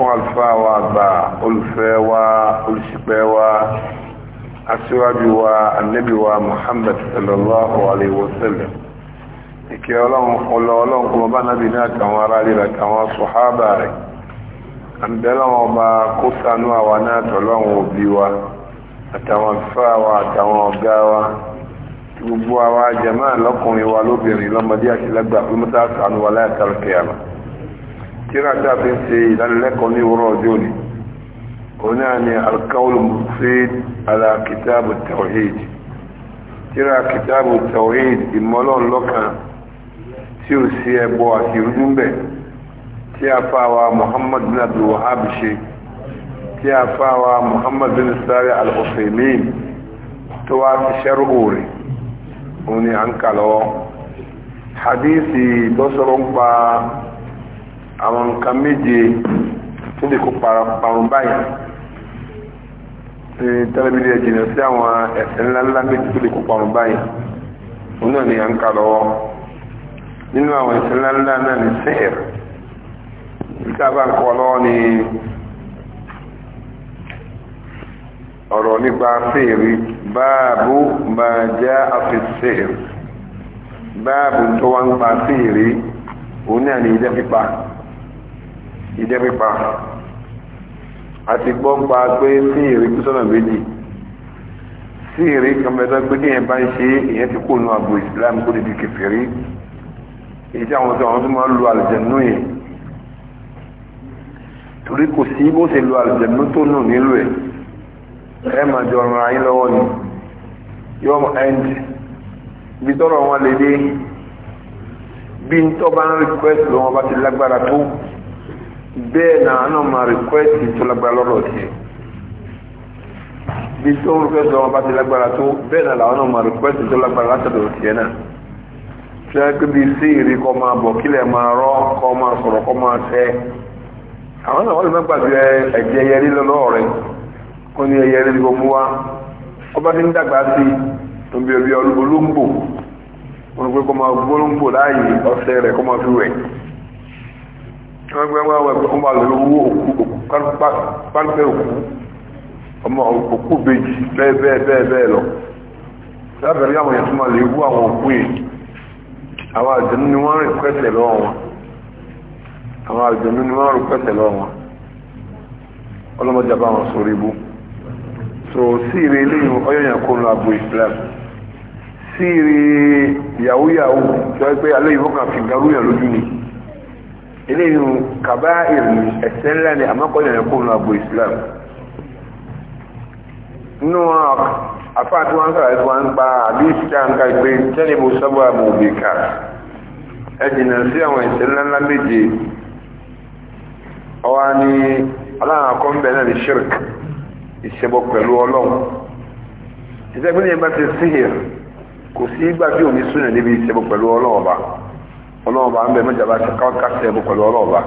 fún àlùfáà wa àgbà olùfẹ́ wa olùṣìpẹ̀ wa aṣíwájú wa annabi wa Muhammad sallallahu alaihi wasallam ìkẹ́ ọlọ́run kọmọ bá nábi ní àtàwọn ará rí àtàwọn sọ̀hábà rẹ̀ àbẹ̀lọ́wọ́n ọba kó sánú àwa náà tọ́lọ́run òbí wa àtàwọn àlùfáà wa àtàwọn ọ̀gá wa gbogbo àwa jàmáà lọ́kùnrin wa lóbìnrin lọ́mọdé àti lágbà pé mọ́tà sánú wa láyàtàlùkẹ́ àmà tíra tí a fi ń ṣe ìdánilẹ́kọ̀ọ́ ní wúrọ̀ ọjọ́ ni òun náà ni alkawul mufid ala kitabu tawhid tíra kitabu tawhid ìmọ̀lọ́n lọ́kan tí ó sí ẹbọ àti ìrúdúmbẹ̀ tí a fáwa muhammad bin abdul wahab ṣe tí a fáwa muhammad bin sari al-usaimin tó wá ti ṣẹ́rù òòrè òun à ń kà hadisi tó sọ̀rọ̀ ń pa àwọn nǹkan méje tó lè kó parun báyìí tẹ́lẹ̀mídìí ẹ̀jìnà sí àwọn ẹ̀sẹ̀ ńláńlá méjì tó lè kó parun báyìí òun náà ni à ń kà lọ́wọ́ nínú àwọn ẹ̀sẹ̀ ńláńlá náà ni sẹ́ẹ̀r ìta bá ń kọ́ lọ́wọ́ ni ọ̀rọ̀ nípa sẹ́ẹ̀rì báàbù máa jẹ́ àfi sẹ́ẹ̀rì báàbù tó wá ń pa sẹ́ẹ̀rì òun náà ni ìjẹ́ pípa ìjẹ́ pípa àti gbọ́ pa pé sí ìrí kúsọ́nà méjì sí ìrí kọmẹ́tọ́ pé kí èèyàn bá ń ṣe èèyàn ti kó nu àbò Islam kó lè di kèfèrí èyí tí àwọn tó àwọn tó máa ń lo àlùjẹ̀nú yẹn torí kò sí bó ṣe lo àlùjẹ̀nú tó nù nílò ẹ̀ ẹ máa jọ ran ayé lọ́wọ́ ni yọ end ibi tọ́rọ̀ wọn lè dé bí ń tọ́ bá ń request lọ́wọ́ bá ti lágbára tó bẹ́ẹ̀ na ana ma rìkwẹ́sì tó lágbára lọ́rọ̀ tiẹ̀ bí tó ń rìkwẹ́sì lọ́wọ́ bá ti lágbára tó bẹ́ẹ̀ na làwọn ma rìkwẹ́sì tó lágbára látọ̀dọ̀ tiẹ̀ náà fẹ́ẹ́kì bí sí ìrí kọ́ máa bọ̀ kílẹ̀ máa rọ́ kọ́ máa sọ̀rọ̀ kọ́ máa tẹ́ àwọn náà wọ́n lè má gbàgbé ẹ̀jẹ̀ yẹrí lọ́wọ́ rẹ̀ kó ní ẹyẹ rẹ̀ gbogbo wa ọba ti ń dàgbà sí i olóńgbò wọn pé kọ́ máa gbólóńgbò láàyè ọ̀sẹ̀ rẹ̀ kọ́ máa fi wẹ̀ wọ́n gbé wọn wọ́n wọ́n máa lọ owó òkú pálpẹ́ òkú ọmọ òkú bèjì bẹ́ẹ̀ bẹ́ẹ̀ bẹ́ẹ̀ bẹ́ẹ̀ lọ lábẹ̀rẹ̀ àwọn èèyàn tó máa lè wú àwọn so síire eléyìí ọyọ́yàn kó lọ abo Islam síire yahoo yahoo tó ẹgbẹ́ alẹ́ ìfọ́kànfin garúyàn lójú ni eléyìí kaba ìrìn ẹ̀ṣẹ̀ ńlá ni àmọ́kọ́ni ẹ̀kọ́ nínú agbo islam nínú afáà tí wọ́n sọ̀rọ̀ ẹ̀sùn wọn pa àbí ìṣẹ́ àǹkà ìpè tẹ́lẹ̀ mo sọ́gbà mo bì ká ẹ̀jìnà sí àwọn ẹ̀ṣẹ̀ ńlá ńlá méje ọwọ́ ni aláwọn akọ́ńbẹ̀ náà ní shirk ìṣẹ́bọ pẹ̀lú ọlọ́run ìṣẹ́gbẹ́ ní ẹgbẹ́ ti síhìr kò sí ìgbà tí òní súnà níbi ìṣẹ́bọ pẹ̀lú ọlọ́run ọba ọlọ́ọ̀bá ń bẹ mẹ́jàbá kásẹ̀ ẹ̀bù pẹ̀lú ọlọ́ọ̀bá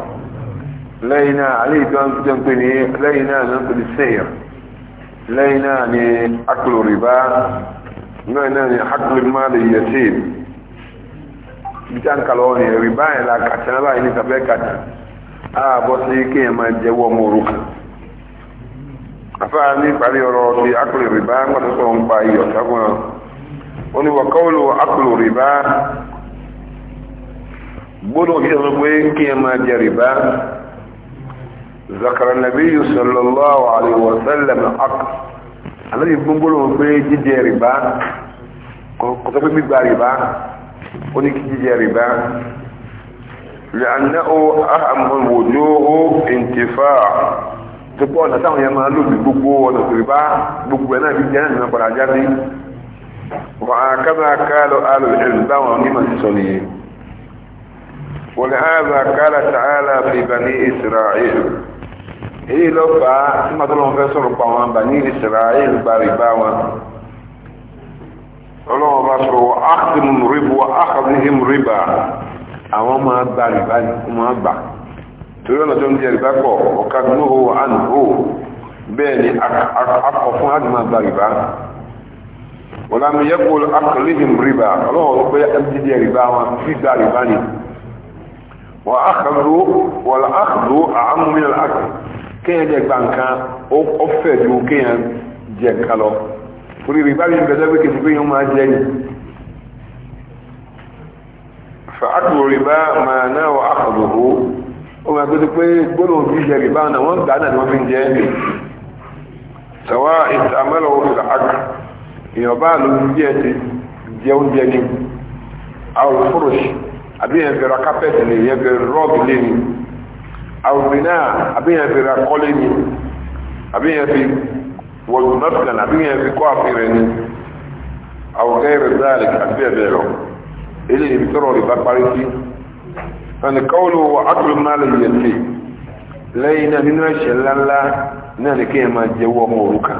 lẹ́yìn náà alẹ́ ìjọ ń jẹ́ ń pè ní lẹ́yìn náà ló ń pè ní sẹ́yìn lẹ́yìn náà ni akulu rìbá lẹ́yìn náà ni akulu mali yẹtì bíjà ń kalọ́ ni rìbá yẹn la kàtà náà báyìí ní tàbí kàtà á bọ́ sí kéèyàn máa jẹ́ wọ́ mọ́rú kan afáà ní ìparí ọ̀rọ̀ ti akulu ń pàtó sọ̀rọ̀ ń pa iyọ̀ sáfún wọn gbọ́dọ̀ kí ẹ̀sọ́ pé kí ẹ máa jẹ rìbá zakara nabi sallallahu alaihi wa sallam ak alábi gbọ́gbọ́dọ̀ pé jíjẹ rìbá kọ̀tọ́ pé gbígba rìbá ó ní kí jíjẹ rìbá lẹ́nà ó gbogbo ọ̀nà rìbá gbogbo ẹ̀ náà jíjẹ náà padà jáde wà á kábàá ká lọ alòlù báwọn onímọ̀ ولهذا قال تعالى في بني إسرائيل إيه لو فا ما تلون فسر قوان بني إسرائيل بارباوا ولو بصر وأخذهم ربا وأخذهم ربا أو ما باربا ما با تقولون تون دي ربا وكذنوه عنه بني أقفوا هذا ما باربا ولم يقل أقلهم ربا ولو بيأتي دي في وفي دارباني واخذوا والاخذ اعم من الاكل كان جاك بانكا او افدوا كان جاك قالوا فري ربالي بذلك كتبين هما جاي فاكل ربا ما نا واخذه وما قلت بي قلوا بيجا ربا انا وان بعنا ما بين جاي سواء استعمله في الاكل يبالو بيجي جون جاني او الفرش àbí yẹn fẹ́ ra kápẹ́tì ni yẹn fẹ́ rọ́ọ̀gì lé ni àwòrán àbí yẹn fẹ́ ra kọ́lé ni àbí yẹn fi wọ̀lù nọ́tìlán àbí yẹn fi kọ́ àfihàn ni àwòrán yẹn rẹ̀ dáàlì àbí yẹn bẹ̀rẹ̀ lọ eléyìí ibi tọrọ rẹ̀ bá parí sí ẹnì kọ́wọ́lù wọ àtúrò máa lè yẹ sí lẹ́yìn náà nínú ẹ̀ṣẹ̀ ńláńlá náà ni kéèyàn máa jẹ́wọ́ ọmọ òrukàn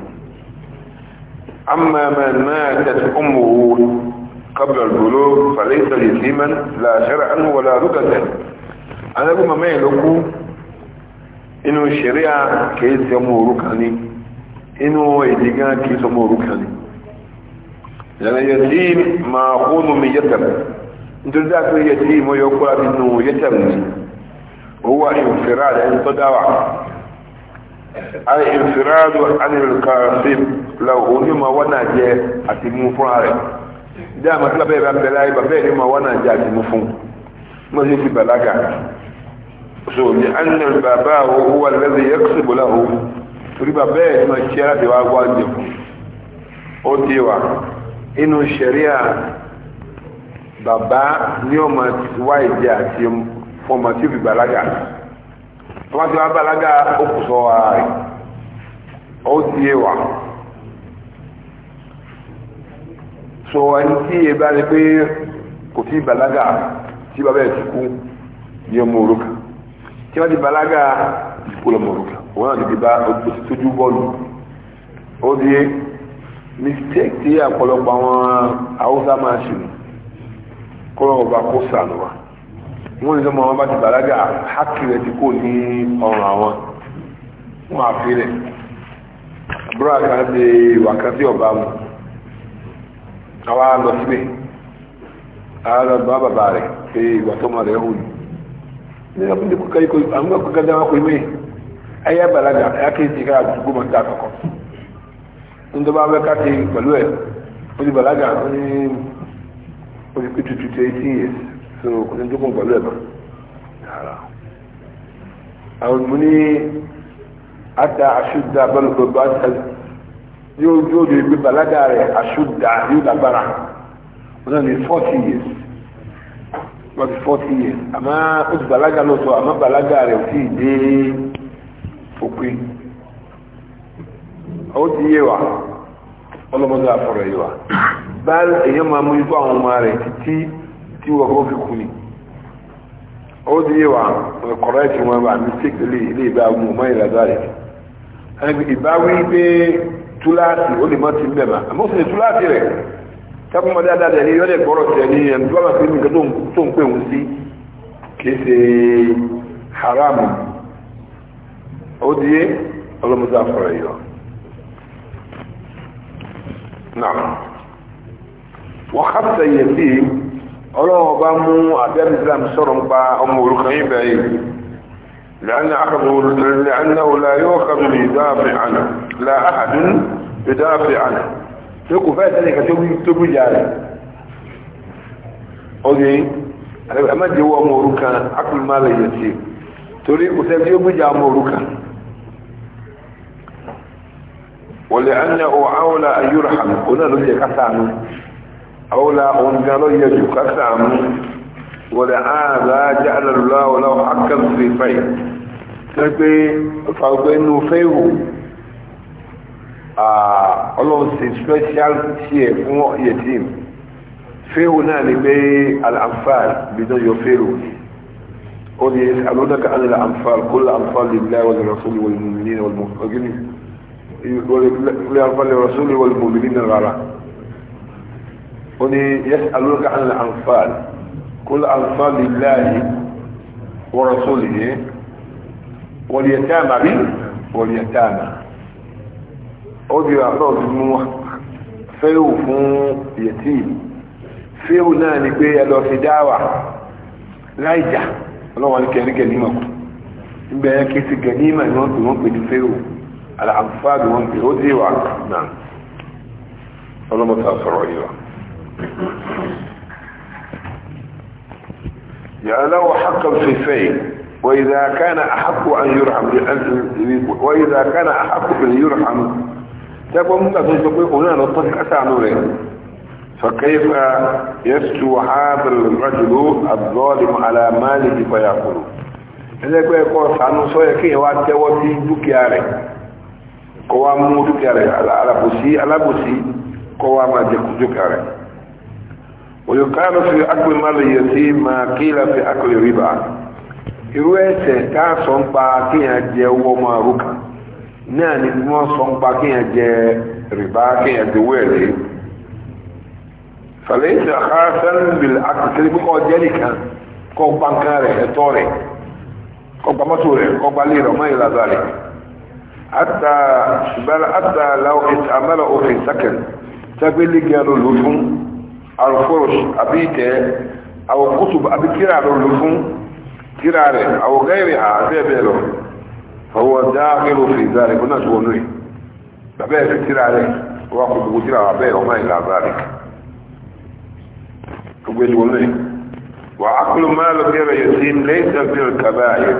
أما من ماتت أمه قبل البلوغ فليس يتيما لا شرعا ولا ركزا أنا أقول ما يلقوا إنه الشريعة كيس يمو ركني إنه إدقاء كيس يمو ركني لأن يتيم ما اقول من يتم nítorí dáa يتيم ويقول ìmọ̀ يتم هو انفراد yẹtẹ̀mù ni الانفراد عن الكاسب لو أنما ونجى أتمو فراري دا مثلا بيبا بلاي بابين ما ونجى أتمو فون ما زي في بلاغة so لأن البابا هو الذي يكسب له ربا بيه ما الشيرة دي واجب ó ti wà inú ṣẹ̀ríà bàbá ní ọmọ wáìdí àti fọmọ tí ó fi bàlágà tọ́wọ́ tí balaga ó kù sọ ara rẹ̀ ó ti yé wa so ẹni tí yé bá pé kò balaga tí bàbá ẹ̀ ti kú ní ọmọ tí wọ́n ti balaga ìkú lọ́mọ òrùka òun náà ti di bá ó ti tójú bọ́ọ̀lù ó ti yé mistake tí ọ̀pọ̀lọpọ̀ àwọn haúsá máa ṣe kọ́lọ́ ọba wa. wọ́n lè lọ́mọ bá ti bàlágà hákì ti ní ọrùn àwọn fún àfihàn àbúrò àkàndé wákàtí ọba mu àwa lọ síbẹ̀ àwa lọ bá bàbá rẹ̀ pé ìgbà tó máa rẹ̀ hù ní ọdún tó kọ́kọ́ àwọn kò mí kì í ti ká àdúgbò máa ta àkọ́kọ́ bá wẹ́ pẹ̀lú ẹ̀ ó ti ó so kò ní jókòó pẹ̀lú ẹ̀ mọ́ yàrá àwọn mo ní ata aṣúdà ta yóò balaga re aṣúdà yóò lágbára wọn náà ní forty years wọn ti years àmọ́ ó balaga balaga re fi ti yé wa wa tí wọ́n kọ́ fi kú ni ó di yé wa kọ̀rọ̀ ẹ̀sìn wọn wà mistake lè ilé ìbáwí mọ̀ mọ́ ìlàdọ́ rẹ̀ ìbáwí pé túláàsì ó lè má ti bẹ̀ mà àmọ́ sì ní túláàsì rẹ̀ tábùmọ́ dáadáa rẹ̀ ní yọ́dẹ̀ gbọ́rọ̀ tẹ̀ ní ẹni tó wà pé nǹkan tó ń pè wọ́n sí kìí ṣe haramu ó di yé ọlọ́mọdé àfọ̀rọ̀ yìí lọ. náà wọ́n ọlọ́wọ́ bá mú àbẹ́rẹ́ islam sọ̀rọ̀ nípa ọmọ òrukàn yìí bẹ̀rẹ̀ yìí lẹ́yìn àkàbọ̀ lẹ́yìn ọ̀la yóò kàbọ̀ lè dáàfẹ́ àná la àdún lè dáàfẹ́ àná tó kò fẹ́ sẹ́lẹ̀ kan tó bí jà rẹ̀ ọdún yìí ẹ má jẹ́ wọ ọmọ òrukàn akùnrin yẹ أولى أن قالوا يجب قسم ولهذا جعل الله له حقا في فيه تبي فأبينه فيه ọlọ́run ṣe special tier fún yetim fẹ́hù náà ni pé al'amfal bidon yóò fẹ́rù ó ní alódaka alìlà amfal kó l'amfal lè láì wọ́n rasúlì wọ́n mọ̀mìnì wọ́n mọ̀mìnì rárá قل يسألونك عن الأنفال كل أنفال لله ورسوله واليتامى به واليتامى أودي أعطوه بموح فيو فون يتيم فيو ناني بي ألو في دعوة لا يجع الله عليك يعني جنيمة إبا يكيس جنيمة ينطي ينطي فيو الأنفال ينطي أودي وعلا نعم الله متأثر عليه يعلو حقا في فين وإذا كان أحق أن يرحم وإذا كان أحق أن يرحم تبقى ممكن تنطبق هنا نطبق أسعنه فكيف يسكو هذا الرجل الظالم على ماله فيأكله ẹlẹ́ pé ẹkọ́ sànú sọ́yẹ kí ìwà tẹ́wọ́ sí dúkìá rẹ̀ kọwa mú dúkìá rẹ̀ alábòsí alábòsí kọwa máa jẹ́kù dúkìá rẹ̀ ويقال في أكل مال اليتيم ما قيل في أكل الربا irú ẹ̀ṣẹ̀ tá a sọ ń pa kéèyàn jẹ owó ọmọ àrùkà náà ni wọ́n sọ ń pa kéèyàn jẹ rìbá kéèyàn jẹ owó ẹ̀lẹ́ fàlẹ́sì àkàràsán bìlì àkùsẹ́lẹ́ bí kò jẹ́ nìkan kò gba nǹkan rẹ̀ ẹ̀tọ́ rẹ̀ kò gba mọ́tò rẹ̀ kò gba lè rọ̀ mọ́ rẹ̀ àtà àtà làwọn àmàlà òfin ló lò fún. alforosh àbí ìtẹ́ kutub kútùbù àbí kíra rẹ̀ ló fún a rẹ̀ àwọn gẹ́rẹ̀ àbẹ́ẹ̀bẹ́ lọ fọwọ́ dáàkẹ́rò fèzà rẹ̀ fúnà tó wọnú ẹ̀ bàbẹ́ ẹ̀fẹ́ kíra rẹ̀ wọ́n kò gbogbo kíra wà bẹ́ẹ̀ ọmọ ìlà bá rẹ̀ gbogbo ẹ̀tọ́ wọnú ẹ̀ wà ákùlù máa lọ gẹ́rẹ̀ yóò sí lẹ́yìn kàbá yẹn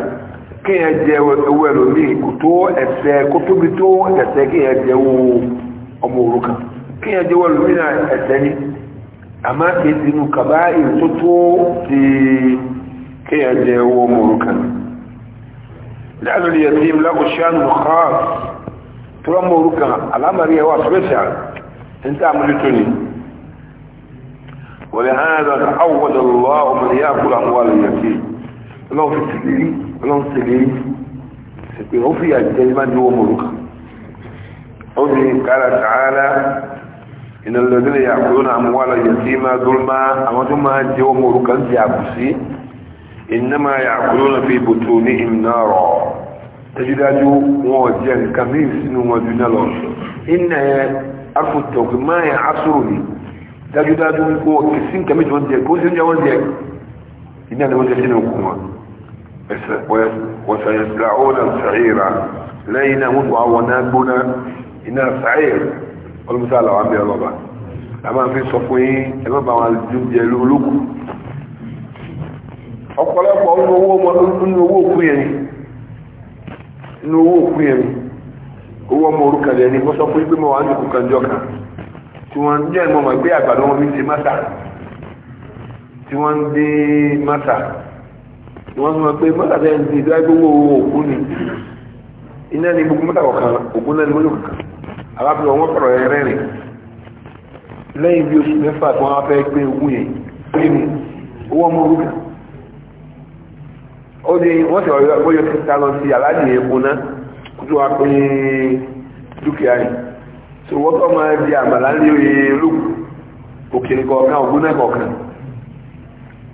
kí ẹ jẹ owó ẹlòmíì kò tó ẹsẹ̀ àmá kèsì inú kàbá ìtótó ti kéyà jẹ owó mọ̀rùkan láàrín yẹtí lákòṣánù kọ́s tó rán mọ̀rùkan alámàrí ẹwà special ń tà múlítò ni ولهذا تعود الله من يأكل أموال اليتيم لو في السليل لو في السليل سيكون في الجلمان هو ملوك قل قال إن الذين يأكلون أموال اليتيم ظلما أما ثم جوم ركن يأكسي إنما يأكلون في بطونهم نارا تجدوا موجن كمين سنو مدينة لون إن أكو التوقي ما يعصرني تجدوا هو كسين كمين وانجي كوسين جوانجي إننا نوجه سنو كما وسيسلعون السعيرة لينا مدعونا بنا إنها سعير ọlọ́mọsá làwọn abẹ́ ọlọ́ba àmà fi sọ fún yín ẹ má bá wọn jẹ olókù ọ̀pọ̀lọpọ̀ nínú owó òkú yẹn nínú owó òkú yẹn owó ọmọ orúkà lẹ́ni wọ́n sọ fún ìgbìmọ̀ wọn àjòkù kan jọ kan tí wọ́n ń jẹ́ ìmọ̀ mọ̀ gbé àgbàdo wọn fi ṣe mọ́tà tí wọ́n ń dé mọ́tà wọ́n sọ pé mọ́tà bẹ́ẹ̀ ń di ìdá gbogbo òkú ni iná ni gbogbo mọ́tà kọ̀ọ̀kan òkú náà ni mọ́tà kọ̀ọ̀kan alábìlọ wọn kọ̀rọ̀ ẹ̀rẹ́ rìn lẹ́yìn bí oṣù mẹ́fà tí wọ́n fẹ́ pé ogun yẹn pé ní owó ọmọ orúkà ó ní wọ́n sì ọ̀rọ̀ bóyọ ti ta lọ sí aláàjì epo náà kó tó wá pé dúkìá yìí tó wọ́n kọ́ máa di àmàlà ní oyè lókù òkèlè kọ̀ọ̀kan ògùn náà kọ̀ọ̀kan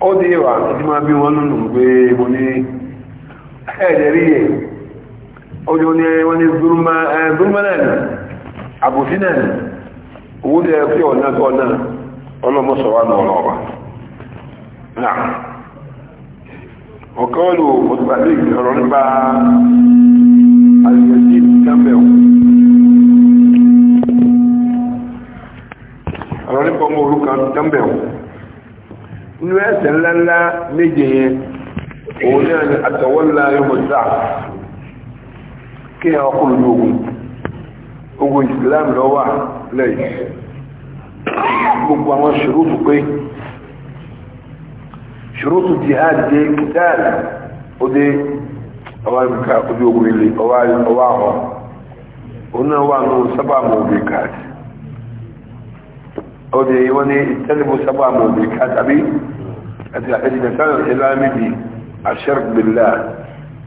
ó ní ìwà tí máa bí wọn nínú pé mo ní ẹ̀ẹ́dẹ̀rí yẹn ó ní wọ́n ní gbúrúmọ́ eh, náà nìyẹn àbòsí náà ni owó lè fi ọ̀nà tó ọ̀nà ọlọ́mọ sọ̀rọ̀ àná ọ̀rọ̀ ọ̀bà náà ọ̀kan lò mọ̀tàlẹ́ ọ̀rọ̀ nípa àyẹ̀jì campbell ọ̀rọ̀ nípa ọmọ orúkọ campbell inú ẹsẹ̀ ńláńlá méje yẹn òun náà ni àtọ̀wọ́lá yóò mọ̀ sáà kí ẹ ọkùnrin lóògùn gbogbo islam lọ wà lẹ́yìn gbogbo àwọn ṣòrótù pé ṣòrótù jihad dé kìtàl ó dé ọwá ìbìkà ojú ogun ilé ọwá ọ̀họ́ òun náà wà ní sábà mọ̀ òbí káàdì ó dé wọ́n ní ìtẹ́lẹ̀bù sábà mọ̀ òbí káàdì àbí àti àtẹ́jìnà sáàrùn ìlàmìdì àṣẹ́rìbìlá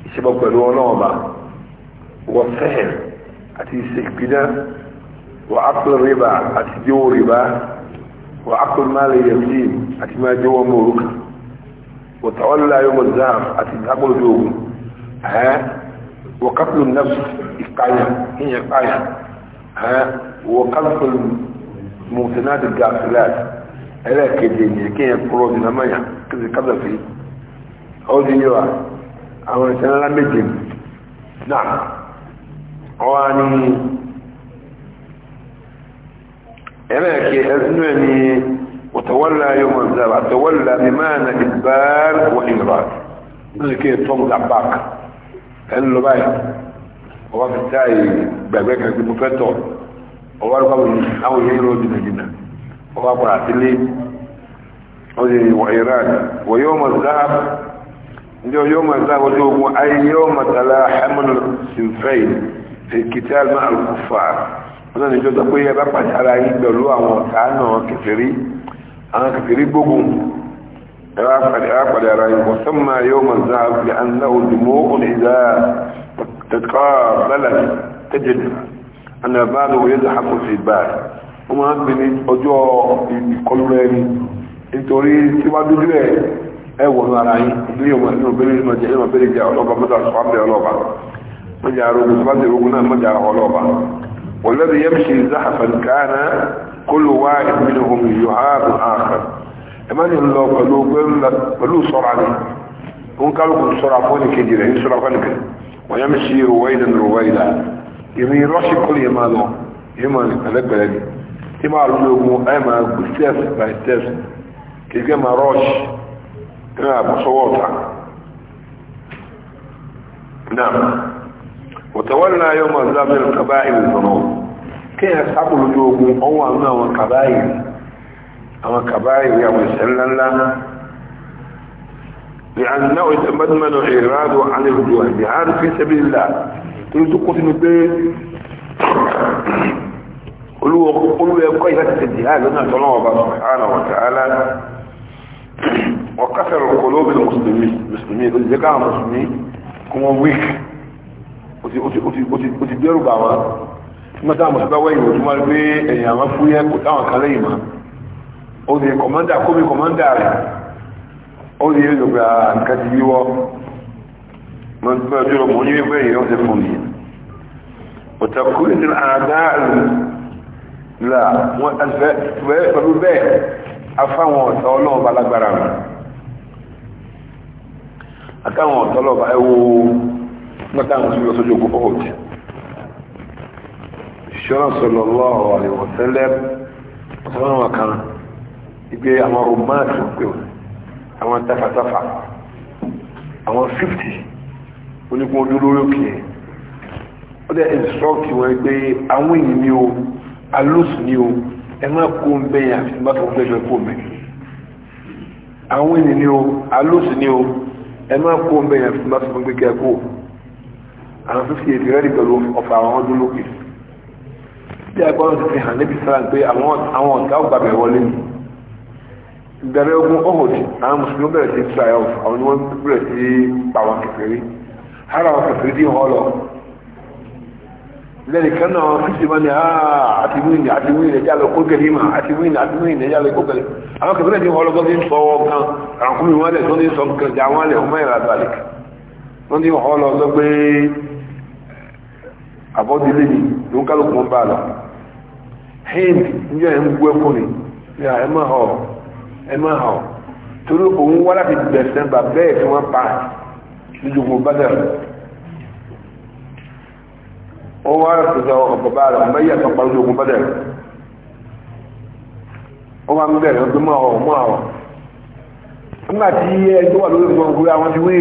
ìṣẹ́bọ̀ pẹ̀lú ọlọ́ọ̀bà wọ́n fẹ́ẹ̀rẹ̀ àti ìsèkpínà wà ákùn rìbá àti jẹ́wọ́ rìbá wà ákùn máàlì yẹmí àti máa jẹ́wọ́ mọ́rú kan wà tàwọ́lá yọmọ záàm àti dákùn tó ogun ẹ́ wà kápùlù nẹ́fù ìkáyà ìyẹn káyà ẹ́ wà kápùlù mùsùlùmí gàfìláàtì ẹlẹ́ẹ̀kejì ni kéèyàn kúrò ní amáyà kí kábàfì ọdún yìí wa àwọn ìṣẹ̀lẹ̀ méje náà ọwá ní ẹlẹ́ẹ̀kẹ́ ẹ̀sùnú ẹni ọ̀tọ̀wọ́lá yóò mọ̀ ìzàbà àtọ̀wọ́lá ní máa na ìbáàrù wọ ìrọ̀ ní kí tọ́m labak ẹni lọ báyìí ọwá fi táyì gbẹ̀gbẹ́ kẹ́kẹ́ mo fẹ́ tọ̀ ọwá rẹ̀ báwo àwọn èèyàn lọ jìnnà jìnnà ọwá pàrọ̀ àtìlé ọdẹ wọ ìran wọ yóò mọ̀ ìzàbà ndé yóò mọ̀ ìzàbà ọdẹ ogun ayé yóò mọ̀ tàlà hẹ́mọ̀nù sinfẹ́yìn kìtì àlùmọ́ àlùkù fà wọn ní ìjọba pé ẹ bá pàdé ara yín pẹ̀lú àwọn ọ̀tá náà kẹfìrí àwọn kẹfìrí gbógun ẹ bá pàdé ara yín wọ́n sọ́mà yóò mọ̀ sáà fi àná òdìmọ́ òní ìdá tẹ̀kọ́ bẹ́lẹ̀ tẹ́jẹ̀ àná bá lóò yẹ zàkàkùn sí báyìí wọ́n máa ń pè ní ọjọ́ ìkọlù rẹ̀ ni nítorí síwájú rẹ̀ ẹ wọ̀nú ara yín ní ìwọ̀n ní òbẹ̀rẹ̀ ìmọ̀jẹ̀ mọ́jà arógun tó bá ti rógun náà mọ́jà ọlọ́ọ̀bá wọ̀lẹ́bí yẹ́mṣe záhàfàn káàná kóló wá ìpínlẹ̀ ohun yóò háàbù ààkàn ẹ má ní lọ pẹ̀lú sọ́ra ni òun kálukú sọ́ra fún ìkejì rẹ̀ ní sọ́ra fún ìkejì wọ́n yẹ́mṣe rọ̀wẹ́dà rọ̀wẹ́dà ìrìn rọ́ṣì kọ́lù yẹn máa lọ yẹn máa ní pẹ̀lẹ́pẹ̀lẹ́ ni tí máa lọ وتولى يوم الزمن الكبائر الذنوب كيف أصحاب الوجوب أو أما وكبائر أما كبائر يا مسلا لنا لأنه يتمدمن إيراد عن الوجوه هذا في سبيل الله تلتقوا في البيت قلوا قلوا يا كيف تتجهاد لنا الله سبحانه وتعالى وكسر القلوب المسلمين المسلمين اللي جاء مسلمين كما ويك o ti dẹ́rù bà wọ́n mọ́tà mọ̀síbá wẹ́yìn òtún wá pé ẹ̀yìn àwọn fúyẹ́ kò táwọn kan lẹ́yìn mọ́ ó di kọ̀mọ́ndà kómi kọ̀mọ́ndà rẹ̀ ó di yóò gba nǹkan ti yíwọ́ mọ́tà jùlọ mọ́ ní wípé èyí wọ́n ti fún mi ọ̀tàkùn ní àdáàlù là wọ́n fẹ́ pẹ̀lú bẹ́ẹ̀ afáwọn ọ̀tá ọlọ́ọ̀bá lágbára mọ́ àtàwọn ọ̀tá ọlọ́ọ̀bá ẹwọ́ nígbàtà àwọn ìṣòro sójú ogun fọ́wọ́ jẹ ìṣọ́nà sọ̀rọ̀ lọ́wọ́ àríwọ̀ tẹ́lẹ̀ ọ̀sán àwọn kan ìgbé àwọn romance pé wọn àwọn tafàtafà àwọn 50 onígun ojú lórí òkè ó dẹ̀ instruct wọn pé àwọn èyí ni o alóòsù ni o ẹ má kó ń bẹ́yìn àti bá tó ń bẹ́jọ kó mẹ́ àwọn èyí ni o alóòsù ni o ẹ má kó ń bẹ́yìn àti bá tó ń bẹ́jọ kó mẹ́ àwọn tó fi èdè rẹ́dì pẹ̀lú ọ̀fà àwọn ọdún lókè bí agbọ́dọ̀ ti fi hàn níbi sára pé àwọn ọ̀gá ọgbà bẹ̀ wọlé ni ìbẹ̀rẹ̀ ogun ohud àwọn mùsùlùmí bẹ̀rẹ̀ sí trial àwọn ni wọ́n bẹ̀rẹ̀ sí pàwọn kékeré ara àwọn kékeré dì hàn lọ lẹ́yìn kan náà fífi mọ́ ni àti wíìnì àti wíìnì ẹ̀já lọ kó gẹ̀lẹ́ mà àti wíìnì àti wíìnì ẹ̀já lọ kó gẹ̀lẹ́ àwọn kékeré dì hàn lọ bọ́ sí sọ gan àwọn kúmi wọn lẹ̀ tó ní sọ gan jà wọn lẹ̀ ọmọ ìrà àbọ́dílé ni ló ń kálùkù wọn bá lọ hind ní ẹ̀ ń gbú ẹkùn ni ya ẹ má họ ẹ má họ torí òun wá láti bẹ̀sẹ̀ bá bẹ́ẹ̀ tí wọ́n pa lójúkú bádàr ó wá sọ̀tọ̀ ọ̀pọ̀ bá rẹ̀ mẹ́yà tó pa lójúkú bádàr ó wá ń bẹ̀rẹ̀ ọdún mọ́ ọ̀ mọ́ nígbà tí ẹjọ́ wà lórí àwọn ti wí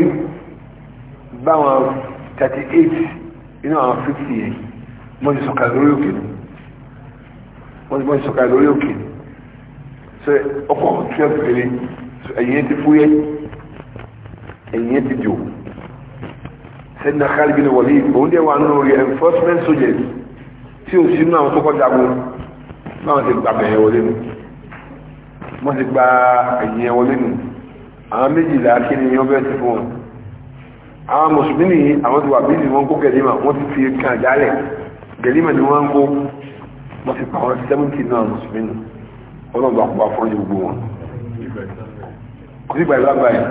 báwọn 38 inú àwọn fífì yẹn wọ́n ti sọ̀kalẹ̀ lórí òkè ni wọ́n ti sọ̀kalẹ̀ lórí òkè ni sẹ ọkọ̀ twelve péré ẹ̀yìn yẹn ti fúyẹ́ ẹ̀yìn yẹn ti jò sẹ́dínà Khalid bin Walid òun dẹ̀ wà nínú reinforcement soldiers tí o sì nínú àwọn tó kọ́ jagun báwọn ti gba bẹ̀yẹ wọlé nu wọ́n ti gba ẹ̀yìn yẹn wọlé nu àwọn méjìlá kí ni yọ́n bẹ́ẹ̀ ti fún wọn àwọn mùsùlùmí ni àwọn ti wà bí wọ́n kó gẹ̀límà wọ́n ti fi kan jálẹ̀ gẹ̀límà ni wọ́n kó wọ́n ti pàwọn sẹ́mùtì náà mùsùlùmí nù wọ́n náà bá kó àfọ́n ní gbogbo wọn. kò sí gbàgbà báyìí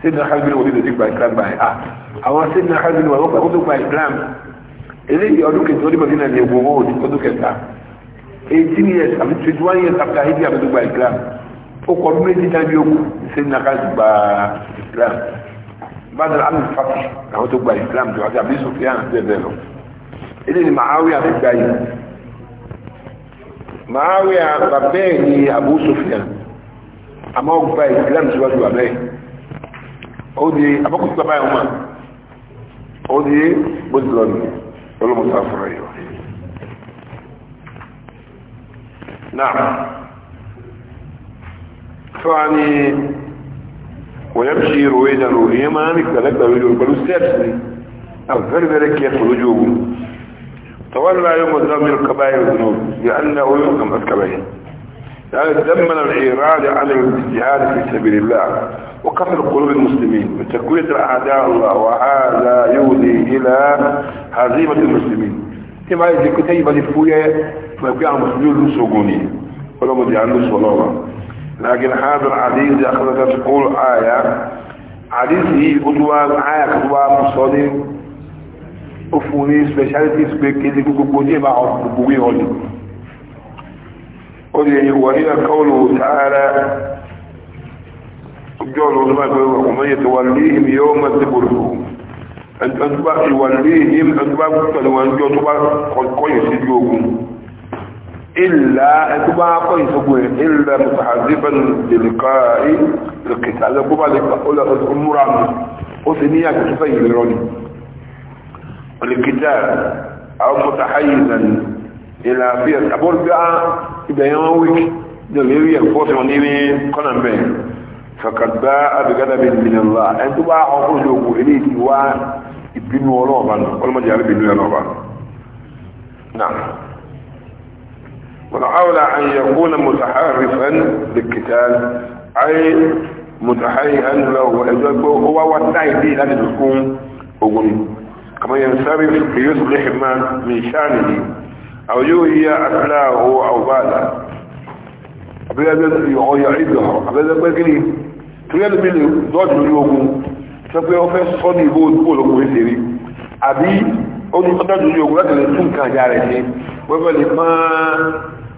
sẹ́dínà hàlùmí wọ́n ti gbà ìsìlám báyìí à àwọn sẹ́dínà hàlùmí wọ́n gbà kótó gbà ìsìlám eléyìí ọdún kẹta ọdún mọ̀tínà ni egbò wọn ò ọdún kẹta eighteen years àbí twenty one years after hijab tó gba ìsìlám ó kọ́ ọdún méjì dábí ó kù sẹ́dínà hàlùmí gba ìsìlám بعد العام الفتح لو تبقى الإسلام جواز أبي سفيان في ذلك إذن معاوية في الجاية معاوية بابيه أبو سفيان أما أبقى الإسلام جواز أبيه أودي أبقى الطبع يوما أودي بذلون ولا مسافر أيوه نعم فعني ويمشي رويدا رويما لك رويدا بلو ستيبس دي الغير ذلك يدخل وجوبه تولى يوم الذنب الكبائر الذنوب لأنه يحكم الكبائر يعني تدمن الإيراد عن الاجتهاد في سبيل الله وقتل قلوب المسلمين وتكوية أعداء الله وهذا يؤدي إلى هزيمة المسلمين كما يجي كتيبة لفوية ما يكون عن مسلمين لسوقوني ولو مدي عن لسوقوني لكن هذا الحديث أخذت تقول آية حديثه قدوة آية قدوة مصدر أفوني سبيشالتي سبيكيزي كوكوكوزي مع أفبوي هولي قولي وإلى قوله تعالى جعل العلماء ومن يتوليهم يوم تبرهم أن تبقى يوليهم أن تبقى تلوان جو تبقى قل قل سيديوكم إلا أنتما أقوي سبوه إلا متحذبا للقاء القتال لكما لقول الأمور عنه وثنية كتفين لروني والقتال أو متحيزا إلى فيها أقول بقى إذا يومك دليل يقفوت ونيني قنم به فقد باء بغضب من الله أنتما أقوي سبوه إليه وابن ولوبا والمجال بن ولوبا نعم ولعول أن يكون متحرفا بالقتال أي متحيئا له هو والدعي به أن يكون أغني كما ينصرف ليصلح ما من شانه أو يوهي أسلاه أو باله أبدا يعيدها أبدا بكري تريد من ضد اليوم sọpé ọfẹ́ sọ ní ìbò olókùnrin ṣeré àbí ó ní ọdọ́dún ní ogun láti lè tún kàn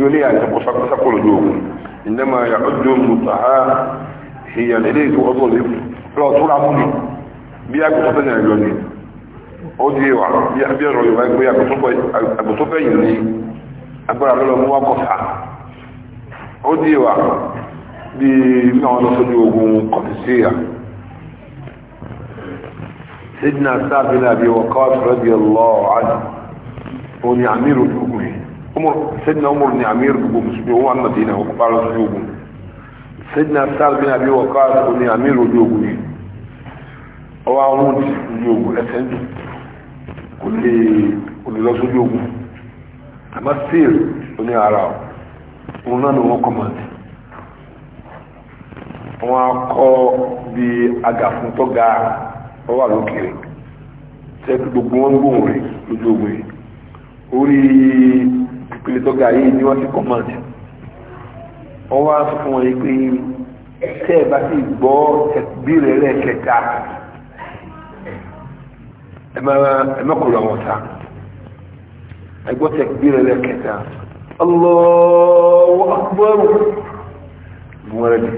يولي يعني تقول تقول جوه إنما يعد المطاعة هي الإليه وأظن لا طول عموني بيأكل تطنع الجواني أودي بيأكل يبقى بيأكل تطنع لي أقول على المواقفة أودي bí náà lọ sójú ogun kọ̀dísíyà sídìnà sáàbìnà bí wọ́kọ́ radiyallahu anhu òní àmìrò lókùnrin عمر سيدنا عمر بن عمير بن مسلم عن مدينة وقال سجوب سيدنا سعد بن أبي وقاص بن عمير وجوبه هو عمود وجوبه أسند كل كل له سجوبه أما السير بن عراو ونانو هو كمان wọ́n kọ́ bí agàfún tó ga ọwà lókèrè tẹ́ gbogbo wọn gbóhùn rẹ̀ orí ìpele tó ga yìí ni wọ́n ti kọ́mọ̀tì wọ́n wá fún wọn pé tẹ́ ẹ bá sì gbọ́ bírẹ̀ rẹ̀ kẹta ẹ má kọ̀ lọ́wọ́ ta ẹ gbọ́ tẹ́ bírẹ̀ rẹ̀ kẹta Allahu akbar buwarade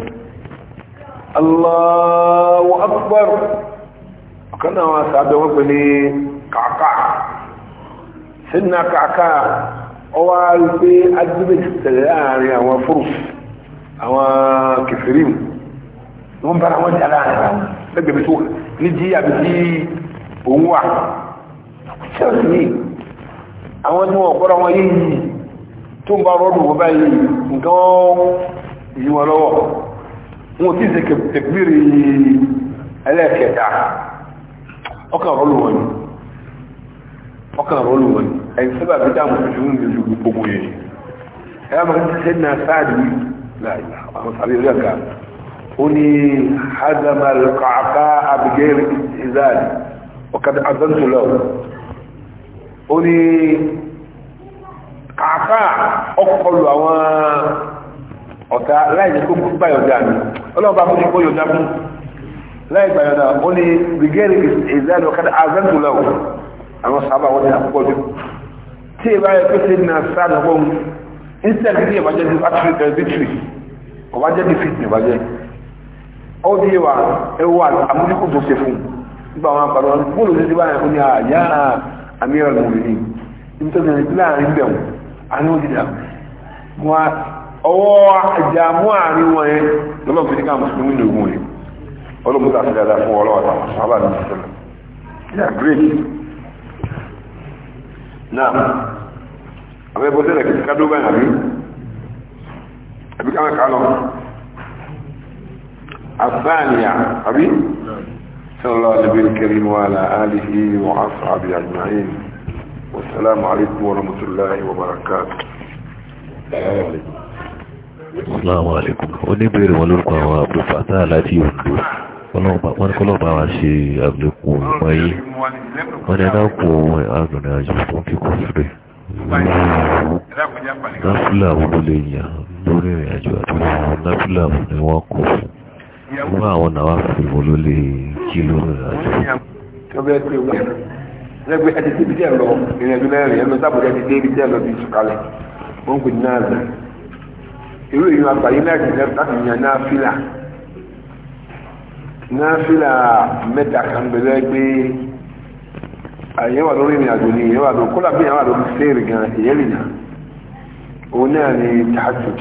Allahu akbar ọ̀kan náà wọn sábẹ́ wọ́n pè ní kàkà sínú kàkà ọwọ́ rí pé agbẹ́bẹ̀ tẹ̀lẹ̀ láàrin àwọn fúrùf àwọn kẹfìrìm wọ́n bára wọ́n jà láàrin àwọn lẹ́gbẹ̀ẹ́ tó ní jí àbí tí òun wà ṣẹ́ọ̀sì ní àwọn tí wọ́n gbọ́ra wọn yìí tó ń bá rọ́dùn wọ́n báyìí nǹkan yìí wọn lọ́wọ́ wọn ti ṣe kẹfìrì ẹlẹ́ẹ̀kẹta ọkàn rọ́lù wọn ni ọkàn rọ́lù wọn ẹ̀yìn sábà bí dáàmù ìṣòro ní ojú gbogbo yẹn ẹ̀yà máa ń ṣe náà sáàdì wí láì àwọn sábẹ́ orí àga ó ní hazama kàkà abigail izali ọ̀kadà azantulọ ó ní kàkà ọkọlù àwọn ọ̀tá láì ní kókó báyọ̀dá ni ọlọ́run bá fún mi kó yọ̀dá fún láì báyọ̀dá ó ní abigail izali ọ̀kadà azantulọ àwọn sábà wọ́n ti àkókò jù tí ìbá yẹ pèsè ní àṣà àgbọ̀n instead kí ìbá jẹ́ di eh, victory kò bá jẹ́ defeat ní ìbá jẹ́ ó di wa ewu àmójúkò tó ṣe fún nígbà wọn àpàdé wọn bóòlù ní ìbá yẹ fún ní àyà àmìíràn lòun ní nítorí ní láàrin bẹ̀rù àní òjìdá wọn ọwọ́ àjàmú àárín wọn yẹn lọ́lọ́ fi ní ká mùsùlùmí ní ogun rẹ̀ ọlọ́mùsà sí dáadáa fún ọlọ́wọ́ àtàwọn sábà ní ìṣẹ̀lẹ̀ náà àwọn ẹbọ tẹ́lẹ̀ kí ká dóbá àbí àbí káwọn kálọ àbáàníyà àbí sallallahu alaihi alkarim wa ala alihi wa ashabihi ajma'in wassalamu alaikum wa rahmatullahi wa barakatuh Assalamu alaikum. Oníbèrè wọn lórúkọ àwọn àbúrò fàtà láti Ondo. ọlọ́ọ̀bá wa ṣe àlékún ìmọ̀ yìí wọ́n ni ẹ̀dàkùn ohun àrùnrìn àjò fún kíkọ́ sílẹ̀ náfìlà àwọn olè yàn lórí ìrìn àjò àtúnwò náfìlà àwọn ni wọ́n kò fún wọ́n àwọn náà fi wọ́n ló lè kí lórí ìrìn àjò. lẹ́gbẹ̀ẹ́ ẹ̀dẹ̀ síbi díẹ̀ lọ ìrìn àjò náà rẹ̀ ẹ̀mí sábòdì ẹ̀dẹ̀ débi díẹ̀ lọ bí ìṣùkalẹ̀ wọ́n pè ní náà rẹ̀ irú ìrìn àgbáyé náà ti náfìlà mẹ́ta kan bẹ̀rẹ̀ pé àyẹ̀ wà lórí ìrìn àjò ni ìyẹn wà lórí kólà bí ìyẹn wà lórí fèrè gan ìyẹn lè yàn òun náà ni tahajjud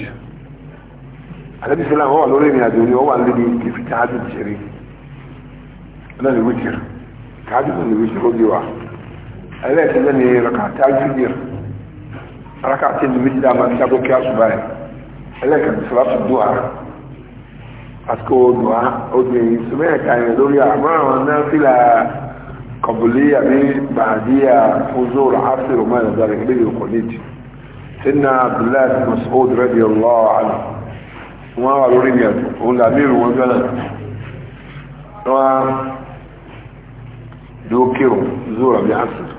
àlẹ́bí sílá wọ́n wà lórí ìrìn àjò ni wọ́n wà lórí ìfi tahajjud ṣeré náà ni wíkìr tahajjud ni wíkìr ó di wa ẹlẹ́ẹ̀kí náà ni raka tahajjud raka tí ni méjìlá máa ń sábó kí a sùn báyìí ẹlẹ́ẹ̀kí ni dùn àrà àsìkò odùn á odùn èyí súnmọ́ ẹ̀ka yẹn lórí àmọ́ àwọn náà fìlà kọ̀bùlì àbí bàdíyà fúzúr áfíìrù máa lọ dára ìgbéyìí òkò níjì sínú abdullahi masoud rẹ́díò lọ́wọ́ àná wọ́n wà lórí ní ẹ̀dùn òun làmírù wọn jọ́nà wọ́n dókèrò zuur àbí áfíìrù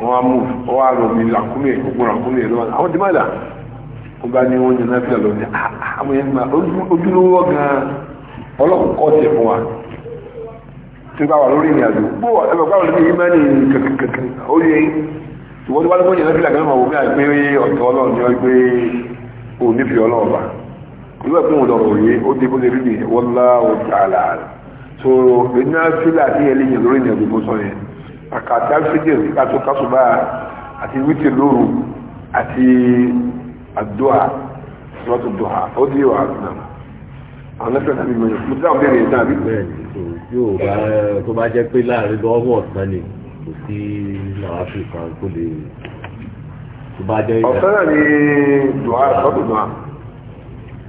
wọ́n wá mú wọ́n wá lọ bí làkúmẹ̀ òkú làkúmẹ̀ lọ́wọ́ àwọn dìmọ́là wọ́n bá ní wọ́n yẹn náà fi lọ ní àwọn yẹn máa ojúlówó gan-an ọlọ́run fún wa tí wọ́n bá wà lórí ìrìn bó ẹgbẹ́ báwo ni yìí máa ní kẹ̀kẹ̀kẹ̀ ó yẹ ìwọ́n tó bá ní wọ́n yẹn náà fi lọ gan-an wọ́n gbé àgbé ọ̀tọ̀ ọlọ́run ni wọ́n gbé òní fi ọlọ́run bá ìwé ẹ̀kún ọ̀dọ̀rọ̀ òye ó dé bó lè rí nìyẹn wọ́n lá ọ̀tà àlàálà so iná fílà tí ẹ lè yàn lórí ìrìn àjò mo sọ yẹn àkàtà fídíò kásùbà àti wítì lóru àti àdúà sọ́tù dùhà ó dí wà náà àwọn ẹgbẹ́ mi mọ̀ mo dáhùn bẹ́ẹ̀ ní dábì. bẹ́ẹ̀ni tó yóò bá tó bá jẹ́ pé láàrin lọ́wọ́ ọ̀sán ni kò sí làwọn áfíríkà tó lè tó bá jẹ́. ọ̀sán náà ni dùhà sọ́tù dùhà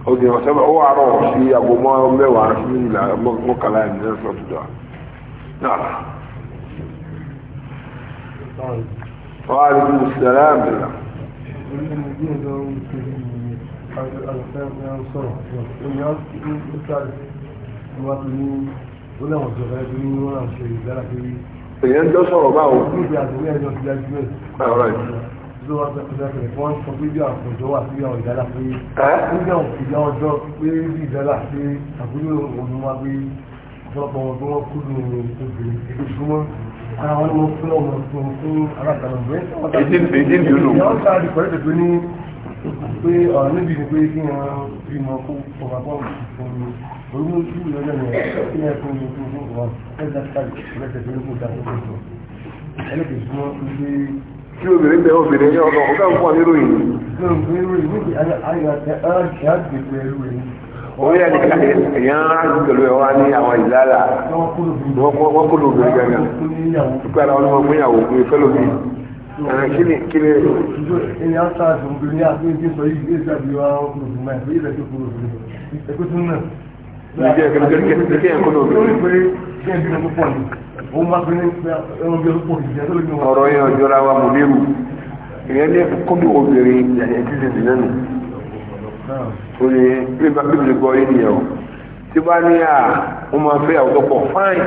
ó di ọ̀sán ó wà rọ̀ sí aago mẹ́wàá sí mọ́kànlá ẹ̀ ní sọ́tù dùhà náà. wàhálà ìlú sàlámù èyàn jọ sọ̀rọ̀ báwo. ló wá sọ pé wọ́n sọ pé bí àpòjọ wà sí àwọn ìdálà pé nígbà òkèèyà ọjọ́ pé bí ìdálà pé àbúrò òun wá pé ọ̀pọ̀lọpọ̀ wọn tó wọ́n kúrò obìnrin ìṣúmọ́ àwọn ọmọ fún ọmọ fún fún arákàlọ́gbé. èdè èdè tó ní pé ọ̀rọ̀ níbi ni pé kí wọ́n fi mọ kó ọmọ pọ̀ fún mi. orúkọ tí ìlú ọjọ́ yẹn kí wọ́n fún mi fún fún wọn ẹ̀dá káàdì ẹ̀dẹ̀ tó ní kó dáa tó tó tí obìnrin bẹ obìnrin yẹn ọ̀nà ọ̀gá nǹkan nírò yìí. Orí ẹnìkan èèyàn rájú pẹ̀lú ẹ̀ wá ní àwọn ìlàlà wọ́n kó lóògùn ẹ̀ gángan. Ìpè ara wọn ni wọ́n mú ìyàwó fún ìfẹ́ lómi. Kí ni kí ni ìjẹ́ kẹ́kẹ́ ẹ̀kọ́ náà obìnrin. ọ̀rọ̀ yẹn ọjọ́ra wa mò lérò ìyẹn ní kọ́bí obìnrin ẹ̀ẹ́dì tètè nánu oye bí bá bíbélì gbọ́ yé nìyẹn o tí bá ní à wọ́n máa fẹ́ àwọn ọ̀pọ̀ fáìn.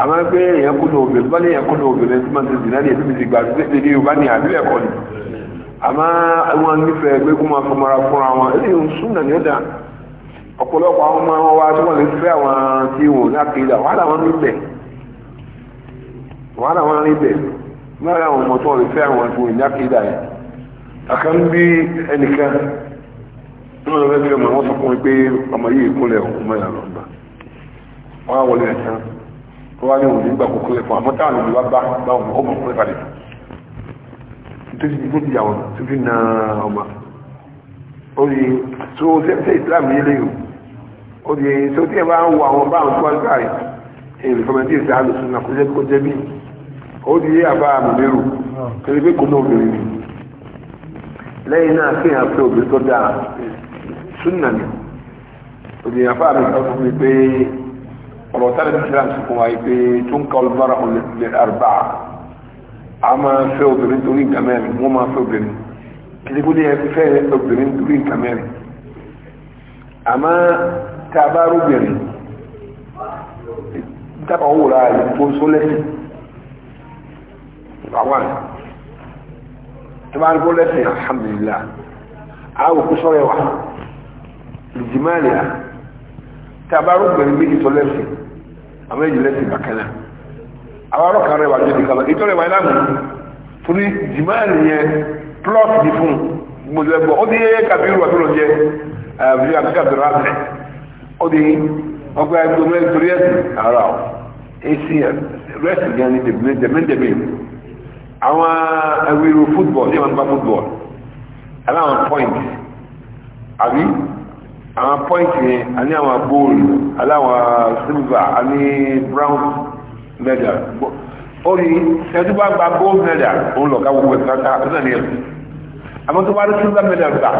àmọ́ pé èèyàn kúndùn obìnrin bá ní èèyàn kúndùn obìnrin tí máa ti dì náà ní ètò ìgbà tó ti di Yorùbá ní àbí ẹ̀kọ́ ni ama wọn nífẹ̀ẹ́ pé kó máa fọmọra fúnra wọn eléyìí ń súnà ní ó dá ọ̀pọ̀lọpọ̀ àwọn ọmọ wọn wá tí wọ́n lè fẹ́ àwọn tí wò ní àkìlà wàhálà wọn níbẹ̀ wàhálà wọn níbẹ̀ lára àwọn ọmọ tí wọ́n lè fẹ́ àwọn tí wò ní àkìlà yẹn àkàn bí ẹnìkan tí wọ́n lè fẹ́ ọmọ wọn sọ fún mi pé ọmọ yìí kúnlẹ̀ ọmọ yàrá ọgbà wọn á wọlé ẹ̀sán wọn á ní òun nígbà kúkúlẹ̀ tó ti tó ti yàwọ̀ tó fi na ọmọ ó di tó sẹ́sẹ́ islam nílé o ó di tó tí ẹ bá ń wọ àwọn báwọn tó wá gbà rẹ̀ èyí kọ́mẹ́tì ìsáàlù sínú àkójẹ́ tó jẹ́ bí ó di àbá àmìlérò torí pé kò náà obìnrin ni lẹ́yìn náà fi hàn pé obìnrin tó dáa súnà ni ó di àbá àmì kan fún mi pé ọ̀rọ̀ sáré islam sọ fún wa pé tó ń ka olùbárà ọ̀lẹ́sìn a máa fẹ́ obìnrin torí nǹkan mẹ́rin wọ́n máa fẹ́ obìnrin kìdíkúdé ẹ fẹ́ obìnrin torí nǹkan mẹ́rin àmọ́ tá a bá rúbìnrin dábàá owó ra ìfún sólẹ́sì àwọn tó bá ń kó lẹ́sìn alhamdulillah àwòkú sọ́rọ̀ ẹwà ìjìmáàlì à tá a bá rúbìnrin méjì sólẹ́sì àwọn èjì lẹ́sìn bàkánà àwọn arọ́kà rẹwà jẹ́ nìkan lọ ìtọ́ rẹwà ìlànà fún ní jìmáàlì yẹn plot ní fún gbogbo ẹgbọ́ ó ní yẹ kàbírù àtúrò jẹ àbúrí àbúkàbírù àbẹ̀ ó ní ọgbà ẹgbẹ́ torí ẹ̀sìn ara ọ èsì rẹ́sì gan ni dẹ̀mẹ́dẹ̀mẹ́ àwọn ẹwìrò fútbọ̀l ní àwọn bá fútbọ̀l aláwọn point àbí àwọn point yẹn àní àwọn góòlù aláwọn silver àní brown medal orí ẹtú bá gba gold medal òun lọ ká gbogbo ẹ̀ka ká ọ̀sẹ̀ ni ẹ̀kú àmọ́ tó bá rí silver medal gbà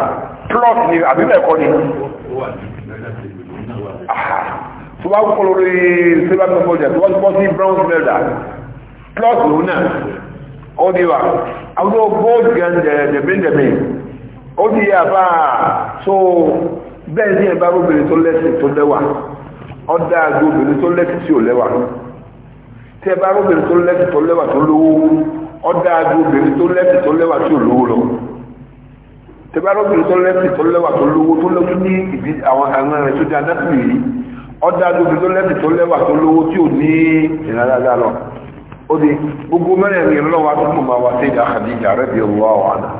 plus ni àbí bẹ́ẹ̀ kọ́ ni tó bá kọ́ lórí silver medal tó bá gbọ́ sí bronze medal plus lòun náà ó di wa àwọn gold gan dẹ̀bẹ̀dẹ̀bẹ̀ ó di àbá so bẹ́ẹ̀ ni ẹ̀ bá rúbìnrin tó lẹ́sìn tó lẹ́wà ọ̀dà agbóbìnrin tó lẹ́sìn tí ò lẹ́wà tẹ bá obìnrin tó lẹ́sìn tó lẹ́wà tó lówó ọ̀dà ju obìnrin tó lẹ́sìn tó lẹ́wà tó lówó lọ tẹ bá obìnrin tó lẹ́sìn tó lẹ́wà tó lówó tó lọ́tún ní ìbí àwọn àwọn ẹ̀rẹ́ tó di anásìlì yìí ọ̀dà ju obìnrin tó lẹ́sìn tó lẹ́wà tó lówó tí ò ní ìrànlọ́dà lọ. ó di gbogbo mẹ́rẹ̀ẹ̀rin ìrànlọ́wọ́ àtúntò máa wá sí ìdá Khadija radiyallahu anha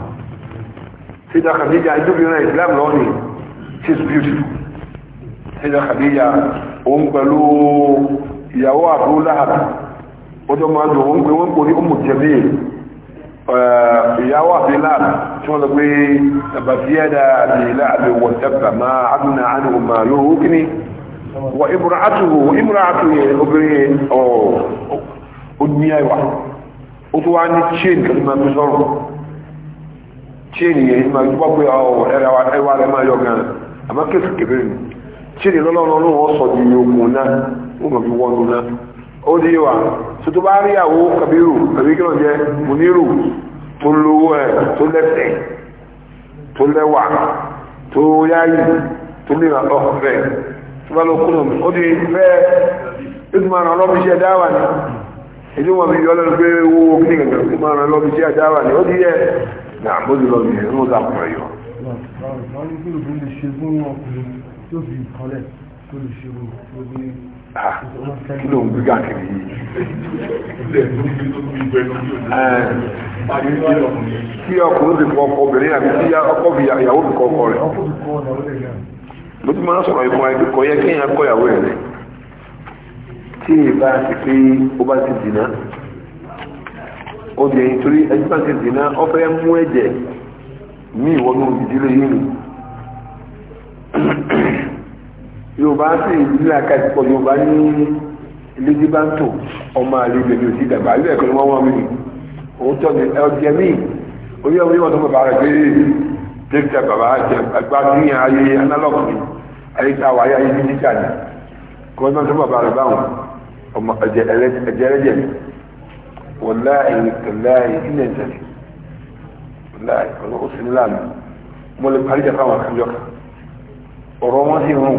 سيدة خديجة لوني she's beautiful سيدة خديجة يا وابو لهب ọjọ́ máa dùn wọ́n pé wọ́n ní ọmọ jẹ́bí ìyáwó àbíláàbì tí wọ́n lọ pé tẹ́pà máa àdúnà ìmúra àtúwò ìmúra àtúwò obìnrin ó ní tó bá rí àwọ kàbírù àbí kí lọ jẹ mùnírù tó lówó ẹ̀ tó lẹ́sẹ̀ tó lẹ́wà tó yáyì tó lè ràn ọ̀fẹ́ tó bá lọ kúrò ó di fẹ́ ìtumọ̀ràn ọlọ́bíṣẹ́ dáwà ni ìdí wọn fi yọ lẹ́nu pé owó kí nìkan kan ìtumọ̀ràn ni ó di yẹ náà bó ti lọ bí ẹ̀ ń mú yọ. Báwo ni kí lóògùn lè ṣe fún ọkùnrin tó fi ìkọlẹ̀ tó lè ṣe fún ọkùnrin? Ah, kí ló ń gbé gàkiri yìí kí ọkùnrin ti kọ ọkọ obìnrin àbí kí ọkọ fi ìyàwó fi kọ ọkọ rẹ̀ mo ti máa sọ̀rọ̀ ìfún ẹgbẹ́ kọ yẹ kí èèyàn kọ ìyàwó rẹ̀ tí ìbá ti pé ó bá ti dìná obìnrin torí ẹjú bá ti dìná ó fẹ́ mú ẹ̀jẹ̀ ní ìwọ́nú ìdílé yìí nù yorùbá sì nílẹ̀ àkàtì pọ̀ yorùbá ní ilédè bá ń tò ọmọ àlè ibẹ̀ ni òsì dàgbà àbí ẹ̀kọ́ ni wọ́n wọ́n mi nì òun tọ́ ni ọ̀jẹ̀ mi orí ọmọ yóò tọ́ bàbá rẹ̀ pé dókítà bàbá jẹ àgbà ní ayé analog ni ayé tá a ayé dídíjà ni kọ́ ẹ̀ máa bàbá rẹ̀ báwọn ọmọ ẹ̀jẹ̀ ẹlẹ́jẹ̀ mi wọláì tẹ̀láì ilẹ̀ ìjẹ̀lẹ̀ wọláì ọ̀sìn láàmú mo lè parí jẹ́ fáwọn àkànjọ́ ọ̀rọ̀ wọn sì rún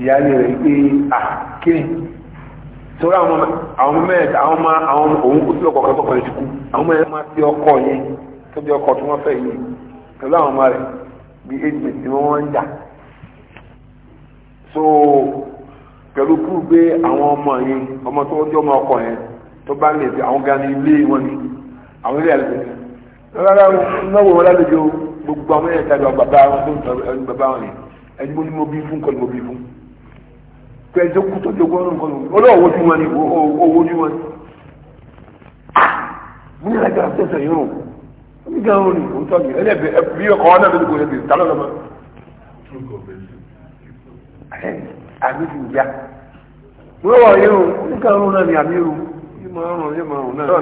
ìyáálé rẹ̀ pé à ah, kíni torí àwọn ọmọ mẹ́ẹ̀ẹ́dá àwọn ọmọ àwọn òun kò sí ọkọ̀ kan tọkọ̀ ìdíkù àwọn ọmọ yẹn máa ti ọkọ̀ yẹn tó bí ọkọ̀ tí wọ́n fẹ́ yìí pẹ̀lú àwọn ọmọ rẹ̀ bí éjìmẹ̀ tí wọ́n wọ́n ń jà so pẹ̀lú kú pé àwọn ọmọ yẹn ọmọ tó jọ́ ọmọ ọkọ̀ yẹn tó bá lè fi àwọn gan ilé wọn ni àwọn ilé àlejò rárá náwó wọn lálejò gbogbo àwọn ẹ̀ẹ́dá bàbá wọn tó pé ẹjọ́ tó jogún ọdún kan lòun olóòwò ojú wọn ni owó ojú wọn ni. mo ní alága àti yìí rò ó ní gan ni òun tọ́jú ẹ lẹ́bi ẹ bí ọkọ̀ ọ̀nà mi ní kò lẹ́bi ta lọ́dọ̀ mọ́. àmì ti ń já. mo wọ̀ yìí rò ó ní gan ni àmì rò ó ní máa rùn ní máa rùn náà.